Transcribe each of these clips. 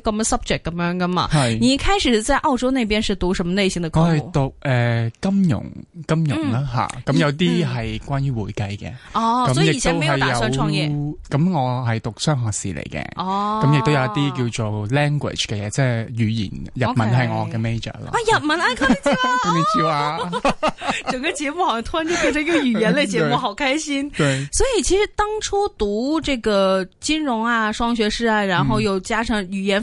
咁嘅 subject 咁樣噶嘛？係。你一開始在澳洲那邊是讀什麼類型的，呃嗯嗯嗯、的？我係讀誒金融金融啦吓，咁有啲係關於會計嘅。哦，所以以前冇有打算創業，咁我係讀商學士嚟嘅。哦，咁亦都有一啲叫做 language 嘅嘢，即係語言，日文係我嘅 major 啦。Okay、 啊，日文啊，咁你招啊？咁你整個節目好像突然間變成一個語言類節目， 好開心。對。所以其實當初讀這個金融啊，雙學士啊，然後又加上語言。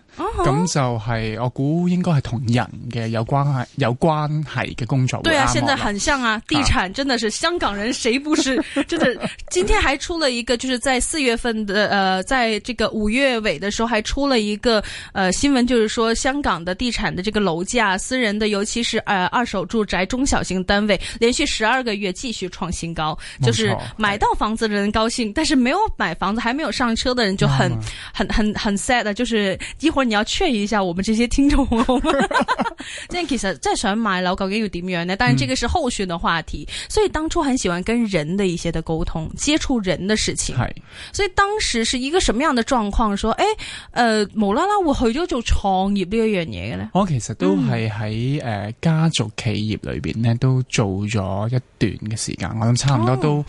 咁、哦、就係、是、我估應該係同人嘅有關係有關係嘅工作對啊，對啊，現在很像啊，啊地產真的是香港人誰不是？真 的、就是，今天還出了一個，就是在四月份的，呃，在這個五月尾的時候還出了一個，呃，新聞就是說香港的地產的這個樓價，私人的尤其是，呃，二手住宅中小型單位，連續十二個月繼續創新高，就是買到房子的人高興，但是沒有買房子，還沒有上車的人就很，啊、很很很 sad，就是一會。你要勸一下我們這些聽眾， 其實再想買樓究竟要點樣呢？但係這個是後續的話題、嗯。所以當初很喜歡跟人的一些的溝通、接觸人的事情，係。所以當時是一個什麼樣的狀況？說，誒、欸，誒、呃，冇啦啦，我去咗做創業這呢一樣嘢嘅咧。我其實都係喺誒家族企業裏邊呢都做咗一段嘅時間、嗯，我諗差唔多都。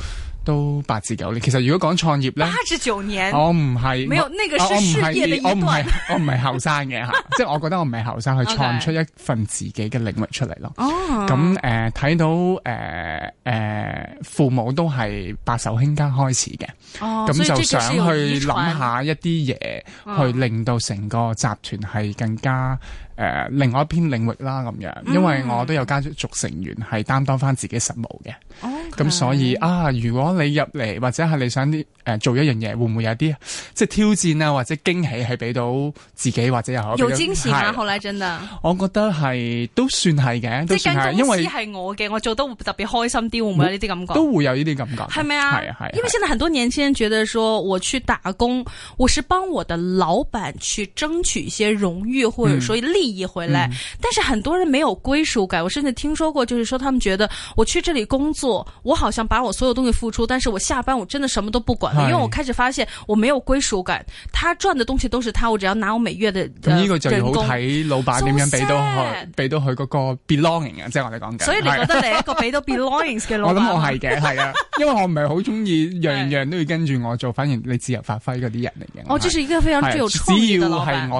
都八至九年，其實如果講創業咧，八至九年，我唔係，沒有那個是事業的一段，我唔係，我唔係後生嘅吓， 即係我覺得我唔係後生去創出一份自己嘅領域出嚟咯。哦、okay. 嗯，咁誒睇到誒誒、呃呃、父母都係白手興家開始嘅，哦，咁就想去諗下一啲嘢、哦，去令到成個集團係更加。誒、呃、另外一篇領域啦咁樣，因為我都有家族成員係擔當翻自己實務嘅，咁、嗯、所以、嗯、啊，如果你入嚟或者係你想誒、呃、做一樣嘢，會唔會有啲即係挑戰啊，或者驚喜係俾到自己或者又好有驚喜啊？後來真的，我覺得係都算係嘅，都算係，因為公司係我嘅，我做得特別開心啲，會唔會有呢啲感覺？都會有呢啲感覺，係咪啊？係啊係。因為現在很多年輕人覺得，說我去打工，我是幫我的老闆去爭取一些榮譽、嗯，或者說利益。回來，但是很多人沒有歸屬感。我甚至聽說過，就是說他們覺得我去這裏工作，我好像把我所有東西付出，但是我下班我真的什麼都不管了，因為我開始發現我沒有歸屬感。他賺的東西都是他，我只要拿我每月的。咁、這、呢個就好睇老闆點樣俾到佢，俾、so、到佢個 belonging 啊，即係我哋講嘅。所以你覺得你一個俾到 belongings 嘅老闆？ 我諗我係嘅，係啊，因為我唔係好中意樣樣都要跟住我做，反而你自由發揮嗰啲人嚟嘅。我、哦、這、就是一個非常具有創意的老闆，是只要係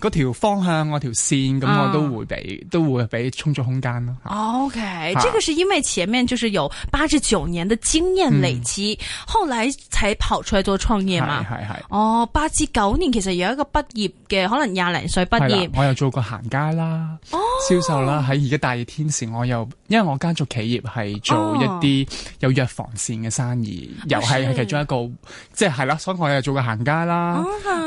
我嘅條方向我。條線咁我都會俾、啊，都會俾充足空間咯、啊。OK，啊、這個是因為前面就是有八至九年的經驗累積、嗯，後來才跑出嚟做創業嘛，係係。哦，八至九年其實有一個畢業嘅，可能廿零歲畢業。我又做過行街啦、哦，銷售啦，喺而家大熱天時我又。因為我家族企業係做一啲有藥防線嘅生意，哦、又係係其中一個，即係係啦。所以我又做過行街啦、哦，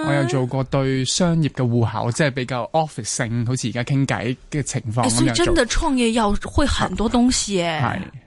我又做過對商業嘅戶口，即係比較 office 性，好似而家傾偈嘅情況咁樣做、欸、所以真的創業要會很多東西嘅。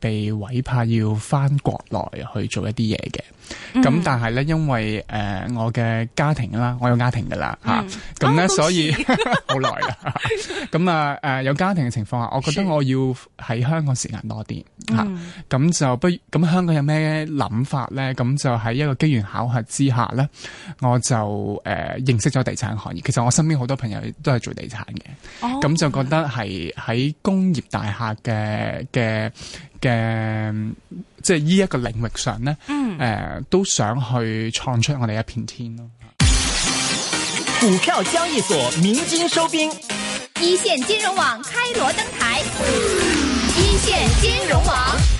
被委派要翻國內去做一啲嘢嘅。咁、嗯、但係咧，因為誒我嘅家庭啦，我有家庭噶啦吓，咁、嗯、咧所以好耐啦。咁啊誒有家庭嘅情況下，我覺得我要喺香港時間多啲吓，咁、嗯嗯、就不咁香港有咩諗法咧？咁就喺一個機緣巧合之下咧，我就誒、呃、認識咗地產行業。其實我身邊好多朋友都係做地產嘅，咁、哦、就覺得係喺工業大廈嘅嘅嘅。即係呢一個領域上嗯誒、呃，都想去創出我哋一片天咯。股票交易所鳴金收兵，一線金融網開鑼登台、嗯，一線金融網。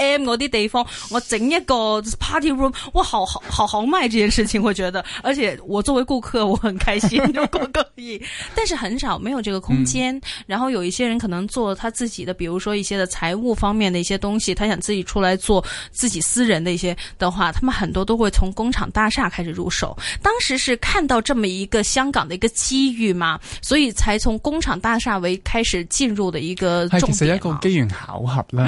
M 我啲地方，我整一個 party room，我好好好豪邁！這件事情，我覺得，而且我作為顧客，我很開心，如果可以。但是很少沒有這個空間。嗯、然後有一些人可能做他自己的，比如說一些的財務方面的一些東西，他想自己出來做自己私人的一些的話，他們很多都會從工廠大廈開始入手。當時是看到這麼一個香港的一個機遇嘛，所以才從工廠大廈為開始進入的一個重點。係其實一個機緣巧合啦，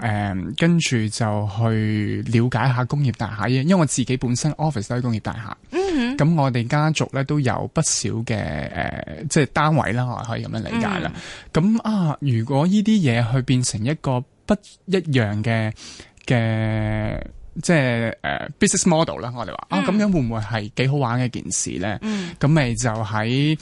嗯。誒。Um, 跟住就去了解下工業大廈，因為我自己本身 office 都喺工業大廈，咁、mm -hmm. 我哋家族咧都有不少嘅、呃、即係單位啦，我可以咁樣理解啦。咁、mm -hmm. 啊，如果呢啲嘢去變成一個不一樣嘅嘅，即係、呃、business model 啦，我哋話啊，咁樣會唔會係幾好玩嘅一件事咧？咁、mm、咪 -hmm. 就喺。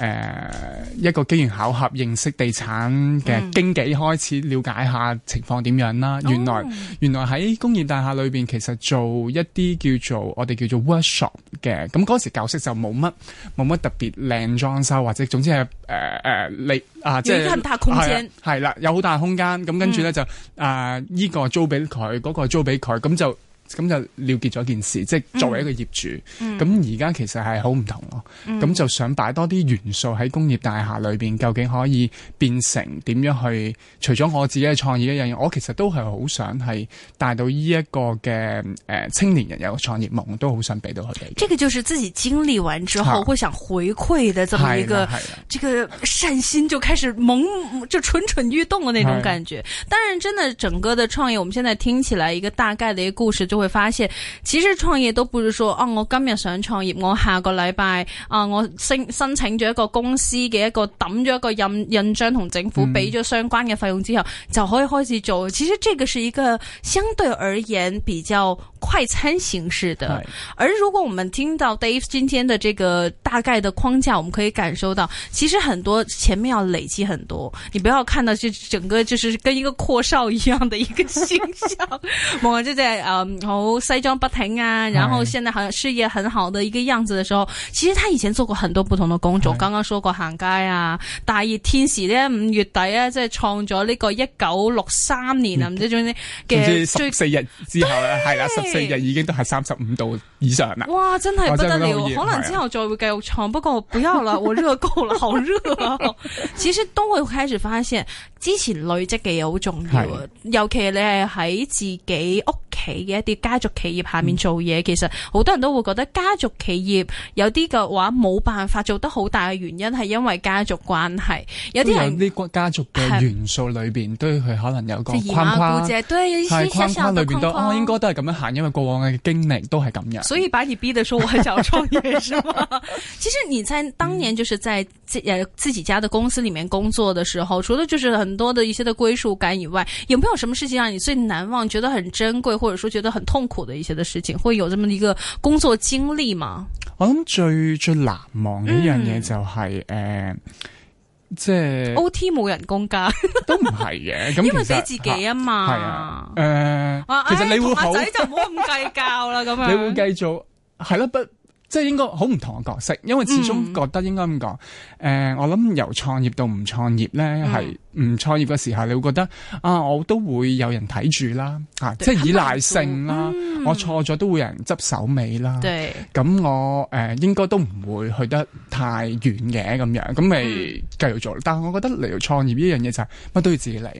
誒、呃，一個機緣巧合認識地產嘅經紀、嗯，開始了解下情況點樣啦。原來、哦、原來喺工業大廈裏邊，其實做一啲叫做我哋叫做 workshop 嘅。咁嗰時教室就冇乜冇乜特別靚裝修，或者總之係誒誒你啊，即係大空間係啦，有好大空間。咁跟住咧就啊，依個租俾佢，嗰個租俾佢，咁就。呃這個。咁就了結咗件事，即係作為一個業主，咁而家其實係好唔同咯。咁、嗯、就想擺多啲元素喺工業大廈裏邊，究竟可以變成點樣去？除咗我自己嘅創意一樣嘢，我其實都係好想係帶到呢一個嘅誒、呃、青年人有個創業夢都好想俾到佢哋。這個就是自己經歷完之後、啊、會想回饋的，這麼一個這個善心就開始萌，就蠢蠢欲動嘅那種感覺，當然，真的整個的創業我們現在聽起來一個大概的一個故事就。會發現，其實創業都不是說，啊，我今日想創業，我下個禮拜，啊，我申申請咗一個公司嘅一個抌咗一個印印章，同政府俾咗相關嘅費用之後、嗯，就可以開始做。其實這個是一個相對而言比較快餐形式的。而如果我們聽到 Dave 今天的這個大概的框架，我們可以感受到，其實很多前面要累積很多，你不要看到就整個就是跟一個闊少一樣的一個形象。我正在啊。好西裝不停啊，然後現在好像事業很好的一個樣子的時候，其實他以前做過很多不同的工作。剛剛說過行街啊，大熱天時咧，五月底咧，啊、即、就、係、是、創咗呢個一九六三年啊，唔、嗯、知仲呢嘅十四日之後咧，係啦，十四日已經都係三十五度以上啦。哇，真係不得了得，可能之後再會繼續創，不過不要啦， 我熱夠啦，好熱啊。 其實都會開始發現之前累積嘅嘢好重要，尤其你係喺自己屋企嘅一啲家族企業下面做嘢、嗯，其實好多人都會覺得家族企業有啲嘅話冇辦法做得好大嘅原因係因為家族關係。有啲人呢個家族嘅元素裏邊，對佢可能有個框框。係、就是、框框裏邊都、啊、應該都係咁樣行，因為過往嘅經歷都係咁樣，所以把你逼得說我很想創業， 是嗎？其實你在當年就是在自己家的公司裏面工作嘅時候，除咗，就是很多的一些的歸屬感以外，有沒有什麼事情讓、啊、你最難忘、覺得很珍貴。或者說覺得很痛苦的一些事情，會有這麼一個工作經歷嘛。我諗最最難忘嘅一樣嘢就係、是、誒、嗯呃，即係 O T 冇人工㗎 都唔係嘅，因為俾自己啊嘛。誒、啊啊呃啊，其實你會好，仔就唔好咁計較啦，咁樣 你會繼續係啦、啊、不。即係應該好唔同嘅角色，因為始終覺得應該咁講。誒、嗯呃，我諗由創業到唔創業咧，係、嗯、唔創業嘅時候，你會覺得啊，我都會有人睇住啦，即係依賴性啦、嗯。我錯咗都會有人執手尾啦。對、咁我誒、呃、應該都唔會去得太遠嘅咁樣，咁咪繼續做。嗯、但係我覺得嚟到創業呢樣嘢就係乜都要自己嚟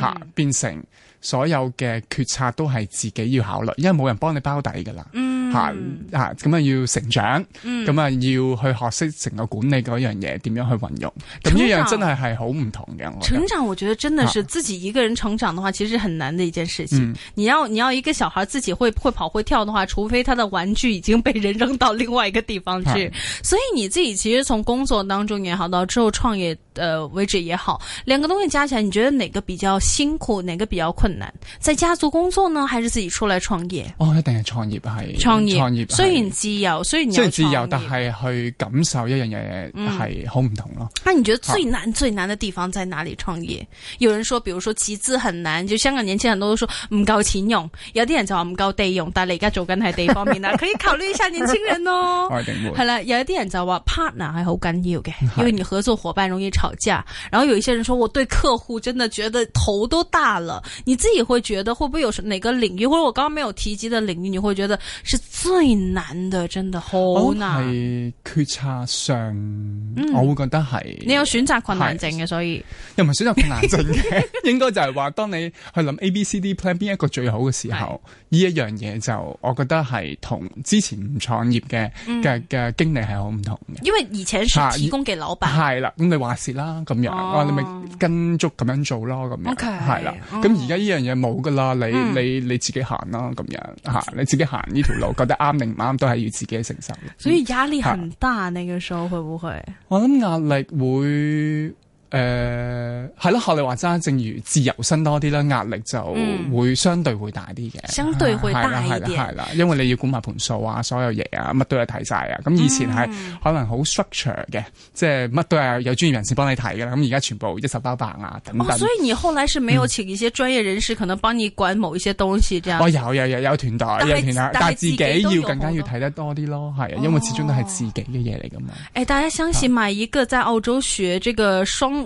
嚇、啊嗯，變成所有嘅決策都係自己要考慮，因為冇人幫你包底㗎啦。嗯吓、嗯、吓，咁啊,咁樣要成長，咁、嗯、啊要去學識成個管理嗰樣嘢，點樣去運用，咁呢樣真係係好唔同嘅。成長我覺得真的是自己一個人成長的話，啊、其實是很難的一件事情。啊嗯、你要你要一個小孩自己會會跑會跳的話，除非他的玩具已經被人扔到另外一個地方去。啊、所以你自己其實從工作當中也好，到之後創業。誒、呃，位置也好，兩個東西加起來，你覺得哪個比較辛苦，哪個比較困難？在家族工作呢，還是自己出來創業？哦，一定係創業，係創業，創業雖然自由，雖然，雖然自由，但係去感受一樣嘢係好唔同咯。咁、嗯啊、你覺得最難最難的地方在哪裏？創業？有人說，比如說集資很難，就香港年輕人都都說唔夠錢用，有啲人就話唔夠地用，但係你而家做緊係地方面啦， 可以考慮一下年輕人咯，哦。係啦，有啲人就話 partner 係好緊要嘅， 因為你合作夥伴容易炒。吵架，然後有一些人說，我對客戶真的覺得頭都大了。你自己會覺得會不會有哪個領域，或者我剛剛沒有提及的領域，你會覺得是最難的？真的好難。決策上、嗯，我會覺得係。你有選擇困難症嘅？所以又唔係選擇困難症嘅， 應該就係話當你去諗 A、B、C、D plan 邊一個最好嘅時候，呢一樣嘢就我覺得係同之前唔創業嘅嘅嘅經歷係好唔同嘅。因為而且以前是提供嘅老闆。係、啊、啦，咁你話事啦咁樣，oh. 啊、你咪跟足咁樣做咯，咁樣 ok. 係啦。咁而家呢樣嘢冇噶啦，你、mm. 你你自己行啦，咁樣吓你自己行呢條路， 覺得啱定唔啱都係要自己承受。所以壓力很大，你個時候會唔會？我諗壓力會。誒、呃，係咯，學你話齋，正如自由身多啲啦，壓力就會相對會大啲嘅、嗯啊，相對會大一啲。係啦，因為你要管埋盤數啊，所有嘢啊，乜都係睇晒啊。咁以前係可能好 structure 嘅、嗯，即係乜都係有專業人士幫你睇噶啦。咁而家全部一手包辦啊，等等、哦。所以你後來是沒有請一些專業人士可能幫你管某一些東西這樣、哦？有有有有團隊，有團隊，但係自己要更加要睇得多啲咯。係、哦、啊，因為始終都係自己嘅嘢嚟噶嘛。誒、哎，大家相信買一個在澳洲學這個雙。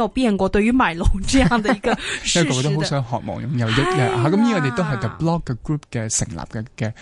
有邊人過對於賣樓這樣的一個事的，一 個我都好想渴望擁有嘅吓，咁呢個亦都係 The Block 嘅 group 嘅成立嘅嘅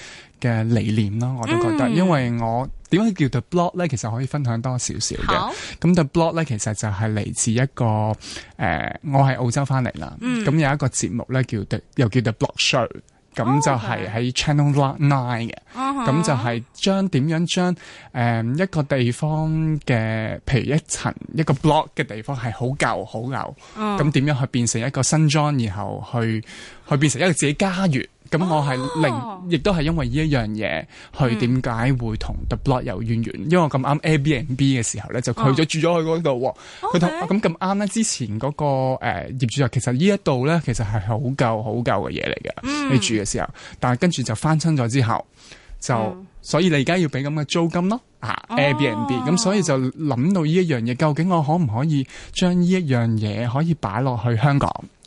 嘅理念咯，我都覺得，嗯、因為我點解叫做 The Block 咧？其實可以分享多少少嘅，咁 The Block 咧其實就係嚟自一個誒、呃，我喺澳洲翻嚟啦，咁、嗯、有一個節目咧叫又叫 The Block Show。咁就係喺 Channel Nine 嘅，咁、oh, okay. 就係將點樣將誒、呃、一個地方嘅，譬如一層一個 block 嘅地方係好舊好舊，咁點、oh. 樣去變成一個新裝，然後去去變成一個自己家園。咁我係零，oh. 亦都係因為呢一樣嘢，去點解會同 The Block 有淵源？Mm. 因為我咁啱 Airbnb 嘅時候咧，就去咗住咗去嗰度。佢同咁咁啱咧，okay. 之前嗰、那個誒、呃、業主就其實呢一度咧，其實係好舊好舊嘅嘢嚟嘅。Mm. 你住嘅時候，但係跟住就翻親咗之後，就、mm. 所以你而家要俾咁嘅租金咯。啊、oh. Airbnb，咁所以就諗到呢一樣嘢，究竟我可唔可以將呢一樣嘢可以擺落去香港？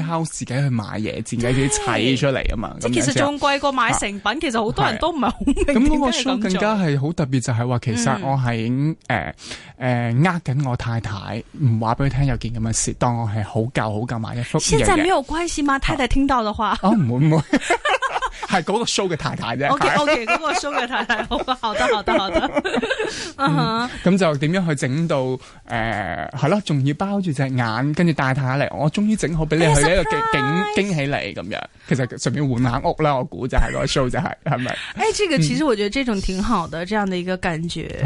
h o 自己去買嘢，自己啲砌出嚟啊嘛、欸！其實仲貴過買成品，啊、其實好多人都唔係好明。咁嗰個箱更加係好特別，就係、是、話其實我係誒誒，呃緊、呃、我太太，唔話俾佢聽有件咁嘅事，當我係好舊好舊買嘅。現在沒有關係嘛？太太聽到的話，啊唔會唔會。 係嗰個 show 嘅太太啫。O K O K，嗰個 show 嘅太太，好的，好得，好得，好得。咁、 嗯 嗯、就點樣去整到誒，係、呃、咯，仲要包住隻眼，跟住帶太太嚟。我終於整好，俾你去呢個驚驚、哎、喜嚟咁樣。其實順便換下屋啦，我估就係個 show 就係，係咪？誒、 哎，這個其實我覺得這種挺好的，嗯、這樣的一個感覺。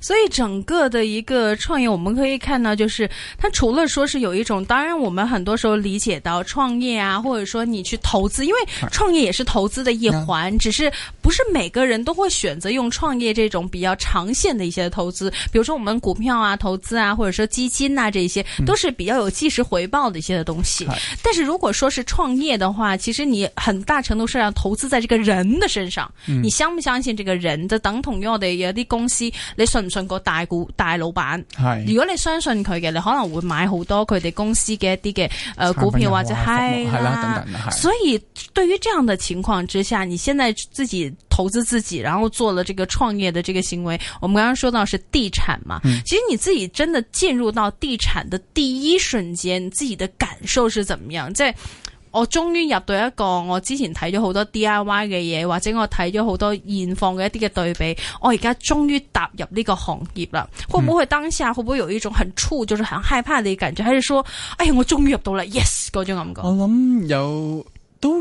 所以整個的一個創業，我們可以看到，就是它除了說是有一種，當然我們很多時候理解到創業啊，或者說你去投資，因為創業也是投資。的一環，yeah. 只是不是每個人都會選擇用創業這種比較長線的一些的投資，比如說我們股票啊、投資啊，或者說基金啊，這些、mm. 都是比較有即時回報的一些的東西。Right. 但是如果說是創業的話，其實你很大程度是要投資在這個人的身上，mm. 你相不相信這個人，就等同於我哋嘅一啲公司，你信唔信個大股大老闆？Hey. 如果你相信佢嘅，你可能會買好多佢哋公司嘅一啲嘅股票或者係啦等等。所以對於這樣的情況，之下，你現在自己投資自己，然後做了這個創業的這個行為。我們剛剛說到是地產嘛，嗯、其實你自己真的進入到地產的第一瞬間，你自己的感受是怎麼樣？即、就是、我終於入到一個我之前睇咗好多 D I Y 嘅嘢，或者我睇咗好多現況嘅一啲嘅對比，我而家終於踏入呢個行業啦。會唔會當下，會唔會有一種很觸就是很害怕嘅感覺，還是說，哎呀，我終於入到啦，yes 嗰種感覺？我諗有。都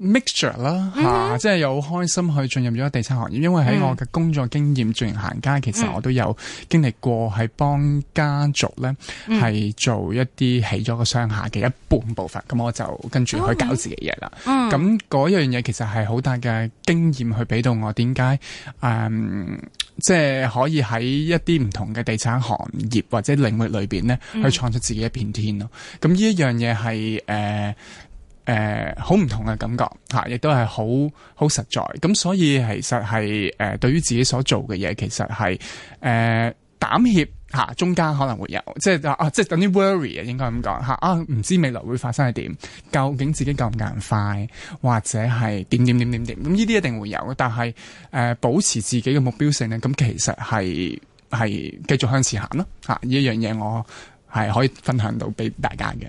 mixer 啦，嚇、mm -hmm. 啊，即係有開心去進入咗地產行業，因為喺我嘅工作經驗，mm -hmm. 做行行家，其實我都有經歷過，係幫家族咧係、mm -hmm. 做一啲起咗個商廈嘅一半部分，咁、mm -hmm. 我就跟住去搞自己嘢啦。咁嗰一樣嘢其實係好大嘅經驗去俾到我，點解誒，即、嗯、係、就是、可以喺一啲唔同嘅地產行業或者領域裏邊咧，mm -hmm. 去創出自己一片天咯。咁呢一樣嘢係誒。呃誒好唔同嘅感覺吓，亦、啊、都係好好實在。咁所以其實係誒、呃、對於自己所做嘅嘢，其實係誒、呃、膽怯、啊、中間可能會有，即係啊，即係等於 worry 啊，應該咁講吓啊，唔知未來會發生係點？究竟自己夠唔夠快，或者係點點點點點？咁呢啲一定會有。但係誒、呃，保持自己嘅目標性呢咁、啊、其實係係繼續向前行咯吓。呢一樣嘢我係可以分享到俾大家嘅。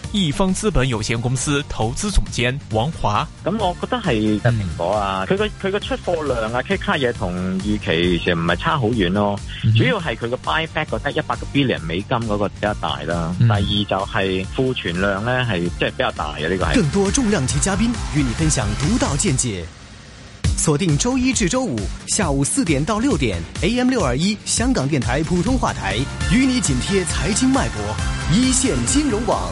億方資本有限公司投資總監王華，咁我覺得係蘋果啊，佢個佢個出貨量啊，k 卡嘢同預期其實唔係差好遠咯、哦嗯，主要係佢個 buy back 一百個 billion 美金嗰個比較大啦、嗯，第二就係庫存量咧係即係比較大嘅呢、這個係。更多重量級嘉賓與你分享獨到見解，鎖定周一至周五下午四點到六點 AM 六二一香港電台普通話台，與你緊貼財經脈搏，一線金融網。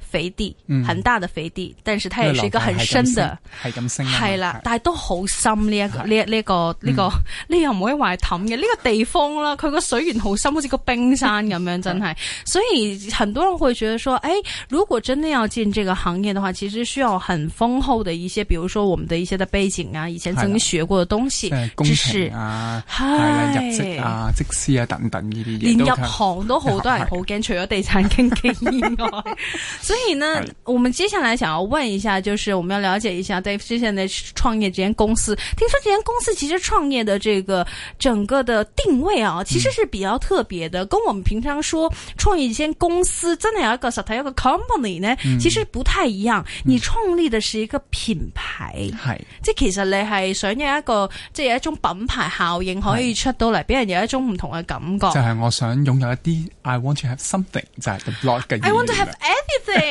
肥地、嗯，很大的肥地，但是它也是一個很深的，係咁升，係、嗯、啦，但係都好深呢一、嗯這個呢一呢個呢、這個呢又唔可以話係氹嘅呢個地方啦，佢個水源好深，好似個冰山咁樣，真係，所以很多人會覺得說，誒、哎，如果真的要進這個行業的話，其實需要很豐厚的一些，比如說我們的一些的背景啊，以前曾經學過的東西、知識、就是、啊，係，係啊，入職啊、即係啊，啊，啊等等呢啲連入行都好多人好驚，除咗地產經紀以外，所以。所以呢，我們接下來想要問一下，就是我們要了解一下，Dave 之前的創業這間公司，聽說這間公司其實創業的這個整個的定位啊，其實是比較特別的，嗯、跟我們平常說創業一間公司，真的有一個實體，有個 company 呢、嗯，其實不太一樣。你創立的是一個品牌，係、嗯，即係其實你係想有一個，即係有一種品牌效應可以出到嚟，俾人有一種唔同嘅感覺。就係、是、我想擁有一啲，I want to have something，就係 the Block 嘅 I want to have anything。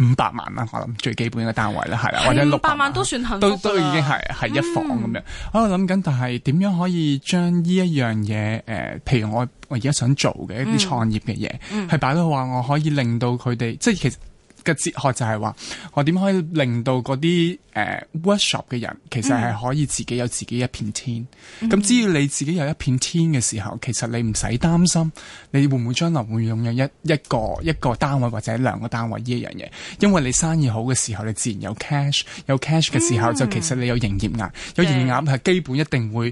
五百萬啦，我諗最基本嘅單位啦，係啦、嗯，或者六百萬,萬都算幸福，都都已經係係、嗯、一房咁樣。我諗緊，但係點樣可以將呢一樣嘢，誒、呃，譬如我我而家想做嘅一啲創業嘅嘢，係擺到話我可以令到佢哋，即係其實。嘅哲學就係話，我點可以令到嗰啲誒 workshop 嘅人其實係可以自己有自己一片天。咁只要你自己有一片天嘅時候，其實你唔使擔心，你會唔會將來會擁有一一個一個單位或者兩個單位呢樣嘢？因為你生意好嘅時候，你自然有 cash，有 cash 嘅時候、嗯、就其實你有營業額，有營業額係基本一定會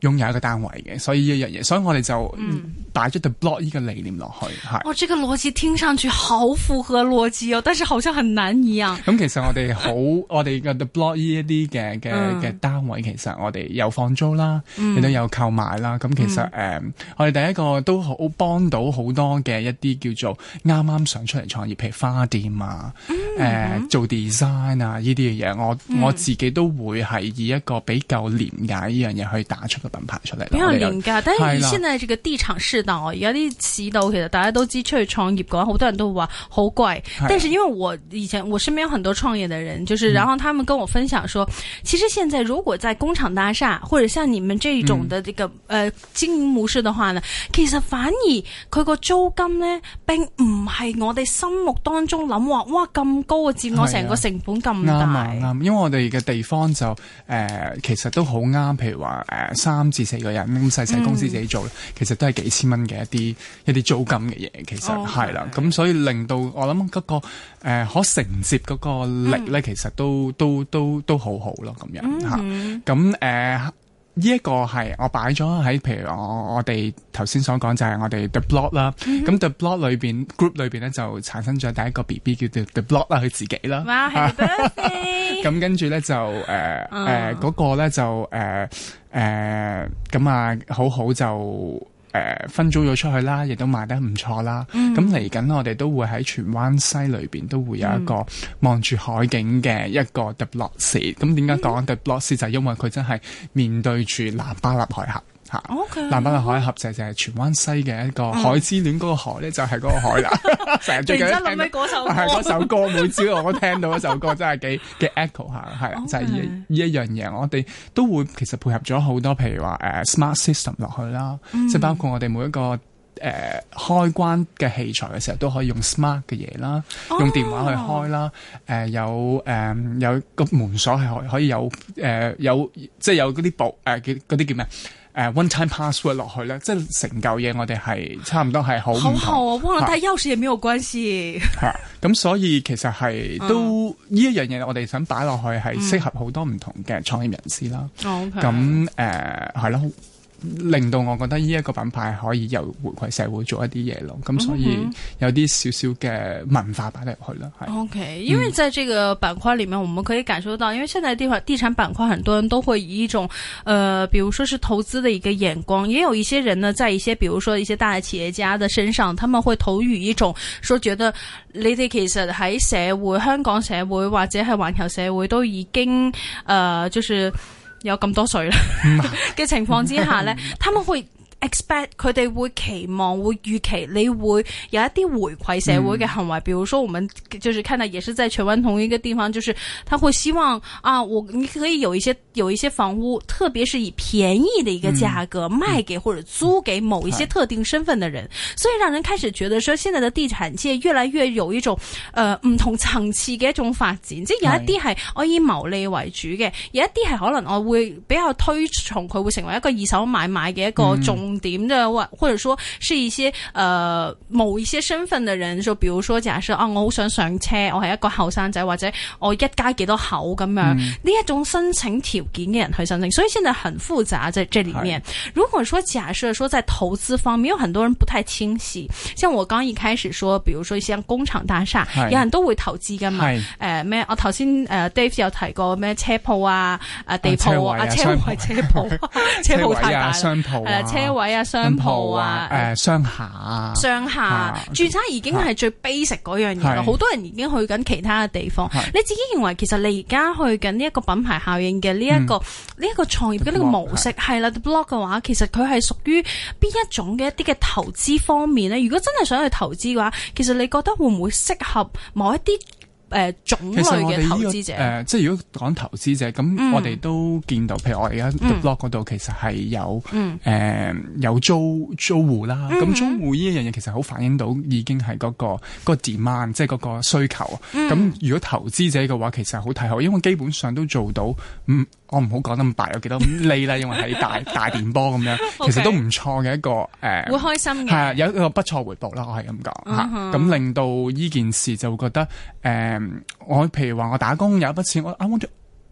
擁有一個單位嘅。所以呢樣嘢。所以我哋就。嗯擺咗 the block 依個理念落去，係。哦，呢、這個邏輯聽上去好符合邏輯哦，但是好像很難一樣。咁其實我哋好，我哋嘅 the block 依一啲嘅嘅嘅單位，其實我哋、 嗯、有放租啦，亦、嗯、都有購買啦。咁、嗯嗯、其實誒、呃，我哋第一個都好幫到好多嘅一啲叫做啱啱想出嚟創業，譬如花店啊，誒、嗯呃嗯、做 design 啊呢啲嘅嘢。我、嗯、我自己都會係以一個比較廉價呢樣嘢去打出個品牌出嚟。比較廉價，但係而現在這個地產市。而家啲市道其實大家都知，出去創業嘅話好多人都話好貴，但是因為我以前我身邊有很多創業嘅人，就是，然後他們跟我分享說，說、嗯，其實現在如果在工廠大廈或者像你們這種的這個、嗯、呃，經營模式的話呢，其實反而佢個租金呢並唔係我哋心目當中諗話，哇咁高嘅佔我成個成本咁大、嗯嗯嗯、因為我哋嘅地方就，誒、呃、其實都好啱。譬如話誒、呃、三至四個人咁細細公司自己做，嗯、其實都係幾千。蚊嘅一啲一啲租金嘅嘢，其實係啦，咁、oh, 所以令到我諗嗰、那個誒、呃、可承接嗰個力咧、嗯，其實都都都都好好咯，咁樣吓。咁、啊、誒，呢一、呃這個係我擺咗喺，譬如我我哋頭先所講就係我哋 The Block 啦、嗯。咁 The Block 裏邊 group 裏邊咧就產生咗第一個 BB 叫做 The Block 啦，佢自己啦。哇、wow, 係得意，咁跟住咧就誒誒嗰個咧就誒誒咁啊，好好就。誒、呃、分租咗出去啦，亦、嗯、都賣得唔錯啦。咁嚟緊，我哋都會喺荃灣西裏面、嗯、都會有一個望住海景嘅一個 The Block Sea。咁點解講 The Block Sea 就係、是、因為佢真係面對住藍巴勒海峽。Okay. 南北嘅海合就就係荃灣西嘅一個海之戀，嗰個海咧就係嗰個海啦。成日最近一，咪嗰首歌，、啊、首歌每朝我都聽到嗰首歌真係幾幾 echo 下，係、okay. 就係、是、呢一,一樣嘢。我哋都會其實配合咗好多，譬如話誒、呃、smart system 落去啦，即、mm. 係包括我哋每一個誒、呃、開關嘅器材嘅時候都可以用 smart 嘅嘢啦，用電話去開啦。誒、oh. 呃、有誒、呃、有個門鎖係可可以有誒、呃、有即係有嗰啲部誒叫嗰啲叫咩？誒、uh,，one-time password 落去咧，即係成嚿嘢，我哋係差唔多係好好好、啊、好，忘了帶鑰匙也沒有關係。咁、 yeah,，所以其實係都呢一、uh. 樣嘢，我哋想擺落去係適合好多唔同嘅創業人士啦。咁、uh. 誒、okay.，係咯。令到我覺得呢一個品牌可以又回饋社會做一啲嘢咯，咁、嗯、所以有啲少少嘅文化擺得入去啦。OK，因為在這個版塊裡面、嗯，我們可以感受到，因為現在地塊、地產版塊，很多人都會以一種，誒、呃，比如說是投資的一個眼光，也有一些人呢，在一些，比如說一些大的企業家的身上，他們會投予一種，說覺得，你哋其實喺社會、香港社會或者喺環球社會都已經，誒、呃，就是。有咁多水啦嘅情況之下咧， 佢哋會。Expect 佢哋會期望會，預期你會有一啲回饋社會嘅行為、嗯，比如說，我們就是看到也是在荃灣同一個地方，就是他會希望啊，我你可以有一些有一些房屋，特別是以便宜的一個價格、嗯、賣給或者租給某一些特定身份的人，嗯嗯、所以讓人開始覺得，說現在的地產界越來越有一種誒唔、呃、同層次嘅一種發展，即係有一啲係可以牟利為主嘅、嗯，有一啲係可能我會比較推崇佢會成為一個二手買賣嘅一個、嗯。重。重點嘅，或或者說是一些誒某、呃、一些身份嘅人，就比如說假設啊，我好想上車，我係一個後生仔，或者我一家幾多口咁樣呢、嗯、一種申請條件嘅人去申請，所以現在很複雜。即係這裏面，如果說假設說在投資方面，有很多人不太清晰。像我剛一開始說，比如說像工廠大廈，有人都會投資噶嘛。誒咩、呃？我頭先誒 Dave 有提過咩車鋪啊，啊？地鋪啊？車車鋪、啊、車鋪 太大商鋪係車位啊，商鋪啊，誒、呃，商廈啊，商廈，住宅已經係最 basic 嗰樣嘢啦。好多人已經去緊其他嘅地方。你自己認為，其實你而家去緊呢一個品牌效應嘅呢一個呢一、嗯，這個創業嘅呢個模式，係啦、The、，Block 嘅話，其實佢係屬於邊一種嘅一啲嘅投資方面呢？如果真係想去投資嘅話，其實你覺得會唔會適合某一啲？其、呃、種我哋投資者，誒、這個呃、即如果講投資者，咁、嗯、我哋都見到，譬如我而家 The Block 嗰、嗯、度其實係有誒、嗯呃、有租租戶啦。咁、嗯、租戶呢一樣嘢其實好反映到已經係嗰、嗰個嗰個 demand，即係嗰個需求。咁、嗯、如果投資者嘅話，其實好睇好，因為基本上都做到、嗯我唔好講得咁白有幾多利啦，因為喺大 大電波咁樣，其實都唔錯嘅一個誒、呃，會開心嘅係有一個不錯回報啦。我係咁講吓，咁、嗯、令到呢件事就覺得誒、呃，我譬如話我打工有一筆錢，我啱啱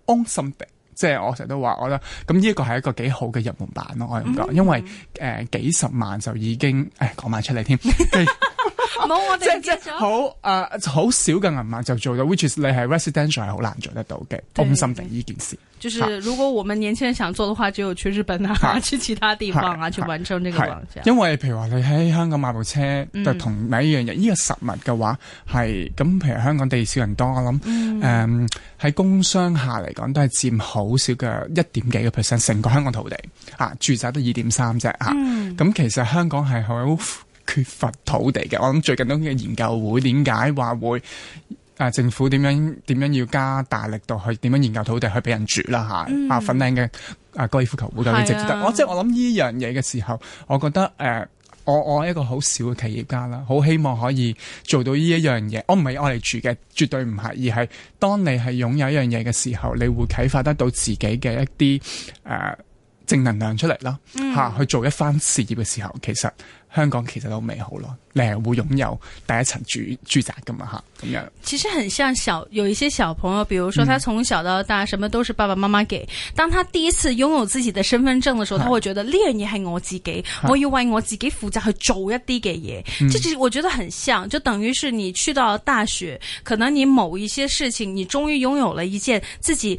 on some 即係我成日都話我啦，咁呢一個係一個幾好嘅入門版咯，我係咁講，因為誒、呃、幾十萬就已經誒講埋出嚟添。 哦、即係好，誒、好、呃、少嘅銀碼就做到，which is 你係 residential 係好難做得到嘅，安心定呢件事。就是如果我們年輕人想做嘅話，只有去日本啊，啊，去其他地方啊，去完成呢個環境。因為譬如話你喺香港買部車，就、嗯、同第一樣嘢，呢、嗯、這個實物嘅話係咁。譬如香港地少人多，我諗誒喺工商下嚟講都係佔好少嘅一點幾個 percent，成個香港土地、啊、住宅都二點三啫啊。咁、嗯嗯、其實香港係好。缺乏土地嘅，我諗最近都嘅研究會點解話會啊？政府點樣點樣要加大力度去點樣研究土地去俾人住啦？吓啊、嗯、啊！粉嶺嘅啊高爾夫球會嘅，到你值得、啊啊、即我即係我諗呢樣嘢嘅時候，我覺得誒、啊，我我係一個好少嘅企業家啦，好希望可以做到呢一樣嘢。我唔係愛嚟住嘅，絕對唔係，而係當你係擁有一樣嘢嘅時候，你會啟發得到自己嘅一啲誒、啊、正能量出嚟啦。吓、啊、去做一番事業嘅時候，其實。香港其實都美好咯，你係會擁有第一層住住宅噶嘛吓，咁樣。其實很像小有一些小朋友，比如說他從小到大，嗯，什麼都是爸爸媽媽給。當他第一次擁有自己的身份證嘅時候，他會覺得呢樣嘢係我自己，我要為我自己負責去做一啲嘅嘢。即其，嗯、實我覺得很像，就等於是你去到大學，可能你某一些事情，你終於擁有了一件自己。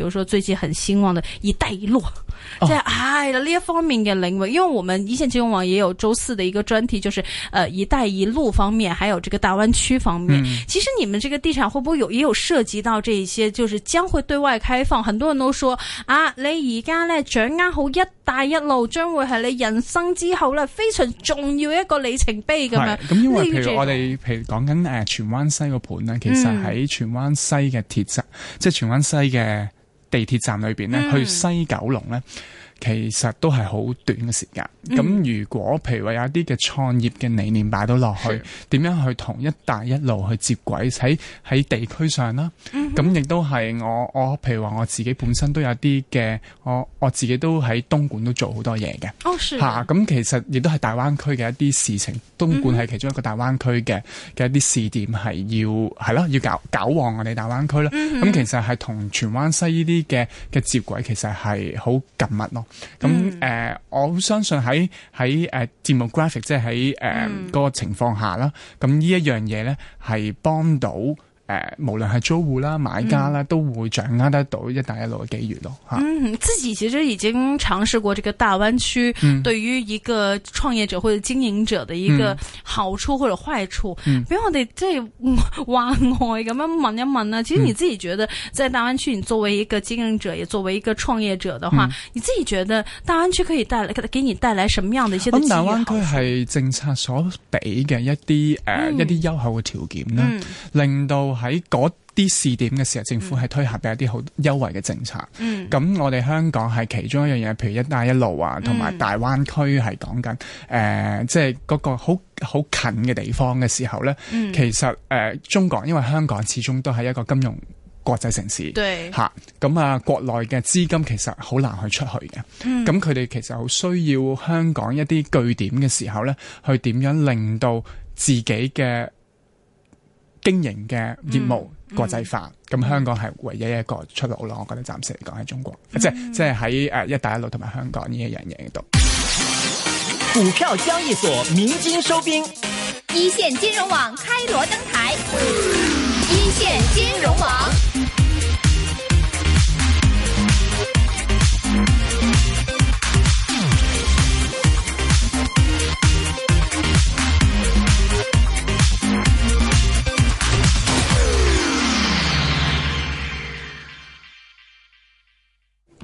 比如說最近很興旺的一帶一路，即係呢一方面嘅領域，因為我們一線金融網也有周四的一個專題，就是，呃，一帶一路方面，還有這個大灣區方面。嗯、其實你們這個地產會不會有，也有涉及到這一些，就是將會對外開放。很多人都說，啊，你而家呢掌握好一帶一路，將會係你人生之後呢非常重要一個里程碑咁樣。咁、嗯、因為譬如我哋，譬如講緊誒荃灣西個盤咧，其實喺荃灣西嘅鐵質、嗯，即係荃灣西嘅。地鐵站裏邊咧，嗯，去西九龍咧。其實都係好短嘅時間。咁、嗯、如果譬如話有一啲嘅創業嘅理念擺到落去，點樣去同一帶一路去接軌喺喺地區上啦？咁、嗯、亦都係我我譬如話我自己本身都有啲嘅，我我自己都喺東莞都做好多嘢嘅。嚇、哦，咁、嗯、其實亦都係大灣區嘅一啲事情，東莞係其中一個大灣區嘅嘅一啲試點，係要係啦要搞搞旺我哋大灣區啦。咁其實係同荃灣西呢啲嘅嘅接軌，其實係好緊密咯。咁誒、嗯呃，我相信喺喺誒節目 graphic，即係喺誒個情況下啦。咁呢一樣嘢咧，係幫到。誒，無論係租戶啦、買家啦、嗯，都會掌握得到一帶一路嘅機遇咯吓。嗯，自己其實已經嘗試過，這個大灣區、嗯、對於一個創業者或者經營者嘅一個好處或者壞處、嗯。俾我哋即係話外咁樣問一問啦，其實你自己覺得，在大灣區，你作為一個經營者，也作為一個創業者嘅話、嗯，你自己覺得大灣區可以帶來，給你帶來什麼樣嘅一,一些東西？哦、嗯，大灣區係政策所俾嘅一啲誒，一啲優厚嘅條件啦、嗯、令到。喺嗰啲試點嘅時候，政府係推行俾一啲好優惠嘅政策。咁、嗯、我哋香港係其中一樣嘢，譬如一帶一路啊，同埋大灣區，係講緊誒即係嗰個好好近嘅地方嘅時候咧、嗯。其實誒、呃、中國因為香港始終都係一個金融國際城市，對吓，咁、嗯、啊，那國內嘅資金其實好難去出去嘅。咁佢哋其實好需要香港一啲據點嘅時候咧，去點樣令到自己嘅。經營嘅業務、嗯、國際化，咁、嗯、香港係唯一一個出路咯。我覺得暫時嚟講喺中國，嗯、即係、嗯、即係喺誒一帶一路同埋香港呢一樣嘢度，股票交易所明金收兵，一線金融網開鑼登台、嗯，一線金融網。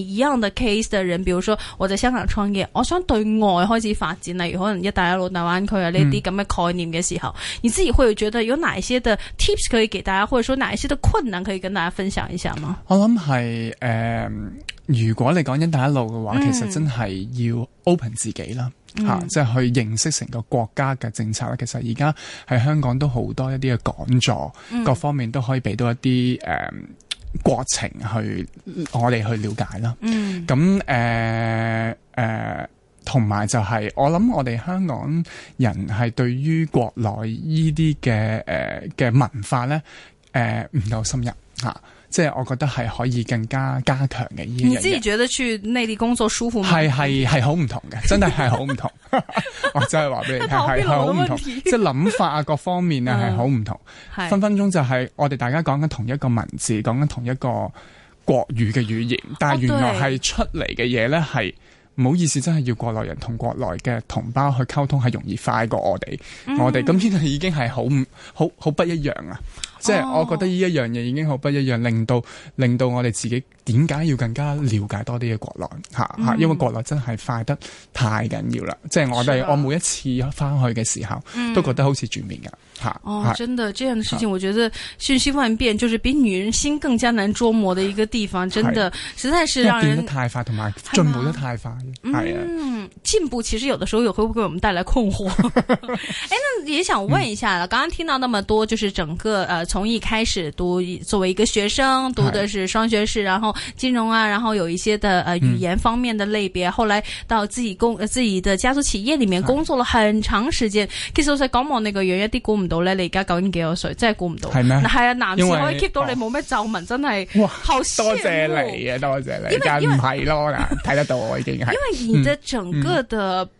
一樣嘅 case 嘅人，比如說我哋香港創業，我想對外開始發展，例如可能一帶一路、大灣區啊呢啲咁嘅概念嘅時候，嗯、你自己會覺得有哪一些的 tips 可以給大家，或者說哪一些的困難可以跟大家分享一下嗎？我諗係誒，如果你講一帶一路嘅話、嗯，其實真係要 open 自己啦，吓、嗯，即、啊、係、就是、去認識成個國家嘅政策啦。其實而家喺香港都好多一啲嘅講座，各方面都可以俾到一啲誒。呃國情去我哋去了解啦，嗯，咁誒誒，同埋、呃呃、就係我諗，我哋香港人係對於國內依啲嘅誒嘅文化咧，誒、呃、唔夠深入，啊。即係我覺得係可以更加加強嘅。你自己覺得去內地工作舒服嗎？係係係好唔同嘅，真係係好唔同。 我真係話俾你聽，係好唔同，嗯、即係諗法啊，各方面啊，係好唔同。分分鐘就係我哋大家講緊同一個文字，講緊同一個國語嘅語言，哦、但係原來係出嚟嘅嘢咧，係唔好意思，真係要國內人同國內嘅同胞去溝通，係容易快過我哋、嗯，我哋咁呢個已經係好唔好好不一樣啊！即係我覺得呢一樣嘢已經好不一樣，哦、令到令到我哋自己點解要更加了解多啲嘅國內吓吓，嗯、因為國內真係快得太緊要啦！是啊、即係我哋我每一次翻去嘅時候，嗯、都覺得好似轉變噶吓。哦，哦，真的，這樣的事情，啊、我覺得瞬息萬變，就是比女人心更加難捉摸的一個地方，真的實在是讓人變得太快，同埋進步得太快，係、嗯、啊，進步其實有的時候有會唔會給我們帶來困惑。哎、 欸，那也想問一下，剛、嗯、剛聽到那麼多，就是整個呃從一開始讀作為一個學生讀的是雙學士，然後金融啊，然後有一些的呃語言方面的類別。嗯、後來到自己工、呃、自己的家族企業裏面工作了很長時間。其實我想講我那個原因啲估唔到咧，你而家究竟幾多歲？真係估唔到。係咩？係啊，男士可以 keep 到你冇咩皺紋，真係。哇！好多謝你啊，多謝你。而家唔係咯，睇 得到我已經係。因為你的整個的、嗯。嗯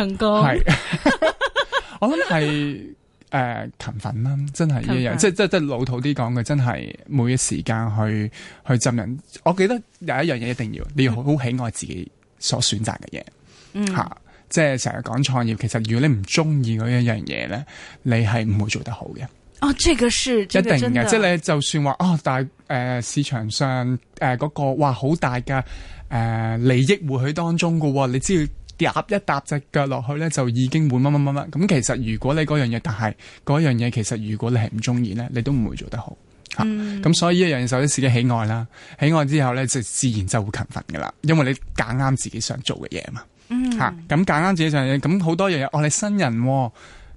成功係 想是，我諗係誒勤奮啦，真係呢一樣，即係即係即係老土啲講嘅，真係冇嘢時間去去浸人。我記得有一樣嘢一定要，嗯、你要好喜愛自己所選擇嘅嘢，吓、嗯啊，即係成日講創業。其實如果你唔中意嗰一樣嘢咧，你係唔會做得好嘅。哦，這個是、這個、的一定嘅，即係你就算話哦，但係誒市場上誒嗰、呃那個哇好大嘅誒、呃、利益會喺當中嘅，你知道。夾一搭隻腳落去咧，就已經換乜乜乜乜。咁其實如果你嗰樣嘢，但係嗰樣嘢其實如果你係唔中意咧，你都唔會做得好。吓、嗯、咁、啊、所以一樣嘢，首先自己喜愛啦，喜愛之後咧，就自然就會勤奮噶啦。因為你揀啱自己想做嘅嘢嘛。吓、嗯，咁揀啱自己想嘅，咁好多嘢，我、啊、哋新人、啊，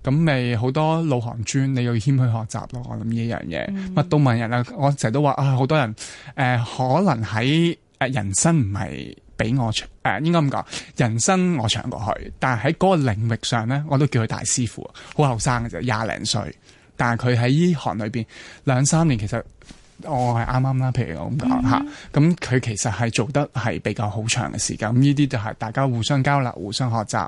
咁咪好多老行專，你要謙虛學習咯、啊。我諗呢樣嘢，乜、嗯、都問人啦。我成日都話啊，好多人誒、呃，可能喺誒人生唔係。俾我長誒、呃，應該咁講，人生我長過去，但係喺嗰個領域上咧，我都叫佢大師傅，好後生嘅啫，廿零歲。但係佢喺醫學裏面兩三年，其實我係啱啱啦，譬如我咁講吓，咁佢其實係做得係比較好長嘅時間。咁呢啲就係大家互相交流、互相學習。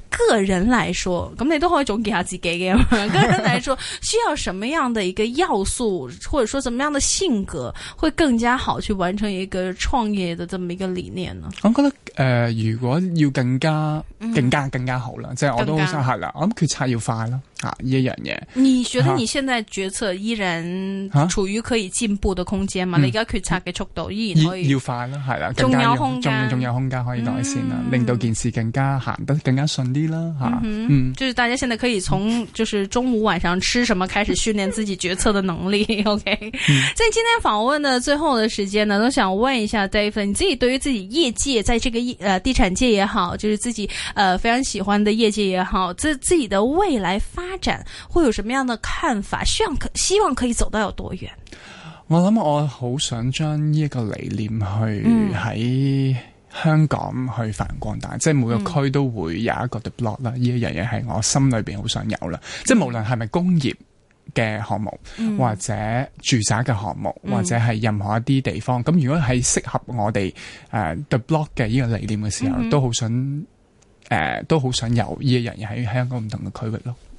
個人來說，咁你都可以總結下自己嘅嘢。 個人來說，需要什麼樣的一個要素，或者說什麼樣的性格，會更加好去完成一個創業的這麼一個理念呢？我覺得，誒、呃，如果要更加、更加、更加好啦、嗯，即係我都想係啦，我諗決策要快啦。啊，一樣嘢，你覺得你現在決策依然處於可以進步的空間嘛，啊？你而家決策嘅速度依然可以、嗯嗯嗯、要快啦，係啦，仲有空間，仲要有空間可以改善啦，令到件事更加行得更加順啲啦，吓、啊嗯，嗯，就是大家現在可以從，就是中午晚上吃什麼開始訓練自己決策的能力 ，OK？在、嗯、今天訪問嘅最後嘅時間呢，都想問一下 David，你自己對於自己業界，在這個業、呃，地產界也好，就是自己，呃，非常喜歡嘅業界也好，自自己的未來發。發展會有什麼樣嘅看法？希望可希望可以走到有多遠？我諗我好想將呢一個理念去喺、嗯、香港去發揚光大，嗯、即係每個區都會有一個 The Block 啦。呢一樣嘢係我心裏邊好想有啦。嗯、即係無論係咪工業嘅項目，嗯、或者住宅嘅項目，嗯、或者係任何一啲地方，咁、嗯、如果係適合我哋誒、uh, The Block 嘅呢個理念嘅時候，嗯、都好想誒、uh, 都好想有呢一樣嘢喺香港唔同嘅區域咯。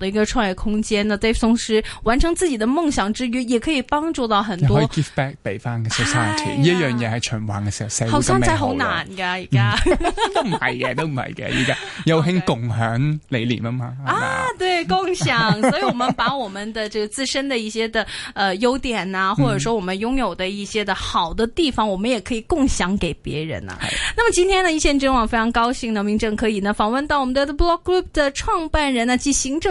的一個創業空間呢，在同時完成自己的夢想之餘，也可以幫助到很多。可以 give back 俾翻個 society，、哎、一樣嘢係循環嘅時候，社會嘅美好。後生仔好難噶，而家都唔係嘅，都唔係嘅，而家有興共享理念啊嘛、okay.。啊，對，共享，所以我們把我們的這個自身的一些的呃優點呐、啊，或者說我們擁有的一些的好的地方，嗯、我們也可以共享給別人呐、啊。那麼今天呢，一線真網非常高興呢，明正可以呢訪問到我們的 The Block Group 的創辦人呢及行政。